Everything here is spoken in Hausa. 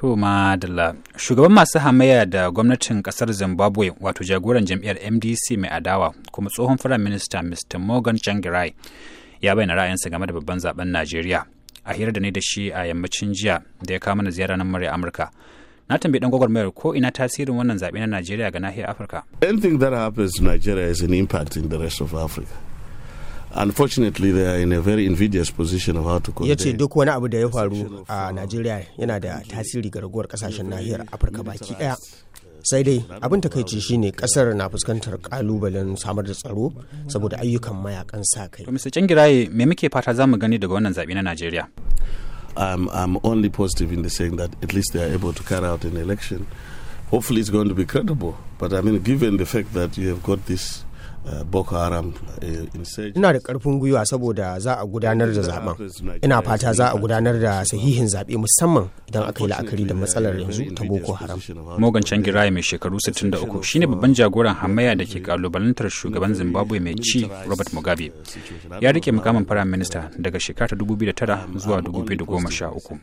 To madalla shugaban masu hamaya da gwamnatin kasar Zimbabwe wato jagoran jam'iyyar MDC mai adawa kuma tsohon firayim minista Mr. Morgan Changirai ya bayyana ra'ayinsa game da babban zaben Najeriya a hirar da ni da shi a yammacin jiya da ya kawo mana ziyara nan murya Amurka. na tambayi dan gwagwarmayar ko ina tasirin wannan zaɓe na Najeriya ga nahiyar Afirka. Anything that happens to Nigeria is an impact in the rest of Africa. unfortunately they are in a very invidious position of how to condemn. Yace duk wani abu da ya faru a Najeriya yana da tasiri ga raguwar kasashen nahiyar Afirka baki daya. Sai dai abin takaici shine kasar na fuskantar kalubalen samar da tsaro saboda ayyukan mayakan sa kai. To Mr. Cingiraye me muke fata zamu gani daga wannan na Najeriya? I'm, I'm only positive in the saying that at least they are able to carry out an election. Hopefully it's going to be credible. But I mean, given the fact that you have got this Eh, boko haram eh, ina da karfin gwiwa saboda za a gudanar da zaben ina fata za a gudanar da sahihin zaɓe musamman idan aka yi la'akari da uh, matsalar yanzu ta boko haram morgan changirai mai shekaru 63 shine babban jagoran hamayya da ke kalubalantar shugaban zimbabwe mai ci robert uh, mugabe ya rike mukamin firayim minista daga shekara 2009 zuwa 2013